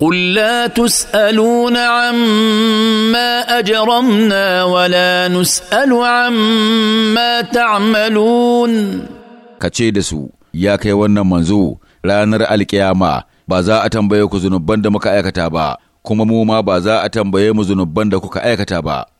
قل لا تسالون عما اجرمنا ولا نسال عما تعملون kace da su ya kai wannan manzo ranar alkiyama ba za a tambaye ku zunubban da muka aikata ba kuma mu ma ba za a tambaye mu zunubban da kuka aikata ba